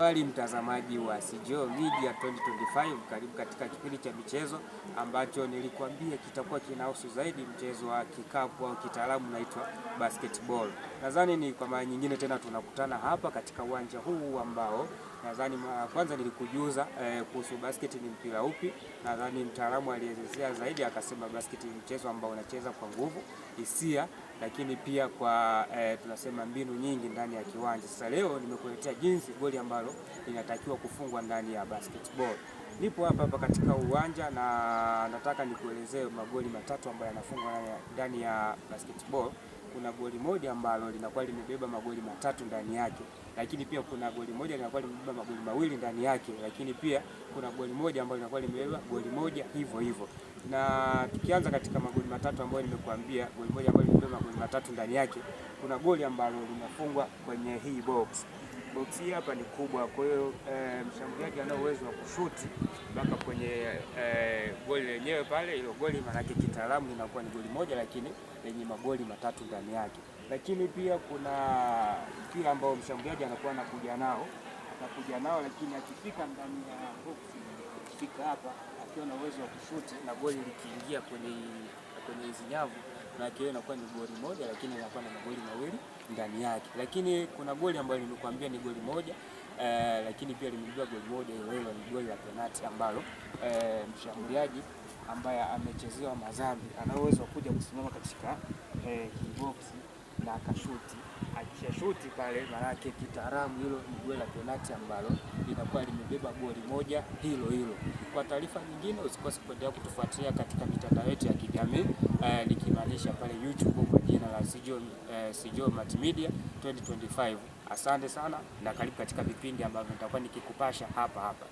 Wali mtazamaji wa CGO Media 2025, karibu katika kipindi cha michezo ambacho nilikwambia kitakuwa kinahusu zaidi mchezo wa kikapu au kitaalamu unaitwa basketball. Nadhani ni kwa mara nyingine tena tunakutana hapa katika uwanja huu ambao nadhani ah, kwanza nilikujuza eh, kuhusu basketi ni mpira upi. Nadhani mtaalamu alielezea zaidi akasema basket ni mchezo ambao unacheza kwa nguvu, hisia, lakini pia kwa eh, tunasema mbinu nyingi ndani ya kiwanja. Sasa leo nimekuletea jinsi goli ambalo linatakiwa kufungwa ndani ya basketball. Nipo hapa hapa katika uwanja na nataka nikuelezee magoli matatu ambayo yanafungwa ndani ya basketball kuna goli moja ambalo linakuwa limebeba magoli matatu ndani yake, lakini pia kuna goli moja linakuwa limebeba magoli mawili ndani yake, lakini pia kuna goli moja ambalo linakuwa limebeba goli moja hivyo hivyo. Na tukianza katika magoli matatu ambayo nimekuambia, goli moja ambalo limebeba magoli matatu ndani yake, kuna goli ambalo linafungwa kwenye hii box. Box hii hapa ni kubwa, kwa hiyo eh, kushuti mpaka kwenye eh, goli lenyewe pale. Ilo goli maanake kitaalamu linakuwa ni goli moja, lakini lenye magoli matatu ndani yake. Lakini pia kuna mpira ambao mshambuliaji anakuwa anakuja nao anakuja nao, lakini akifika ndani ya boxi kufika hapa akiwa na uwezo wa kushuti na goli likiingia kwenye kwenye hizi nyavu na kiwe inakuwa ni goli moja, lakini inakuwa na magoli mawili ndani yake. Lakini kuna goli ambayo nilikwambia ni goli moja eh, lakini pia limeingia goli moja, hilo ni goli la penati ambalo eh, mshambuliaji ambaye amechezewa mazambi ana uwezo wa kuja kusimama katika eh, kiboksi akaenda akashuti. shuti pale, maanake kitaalamu hilo ni goli la penati ambalo linakuwa limebeba goli moja hilo hilo. Kwa taarifa nyingine, usikose kuendelea kutufuatilia katika mitandao yetu ya kijamii eh, likimaanisha pale YouTube kwa jina la Sijo, eh, Sijo Multimedia 2025. Asante sana na karibu katika vipindi ambavyo nitakuwa nikikupasha hapa hapa.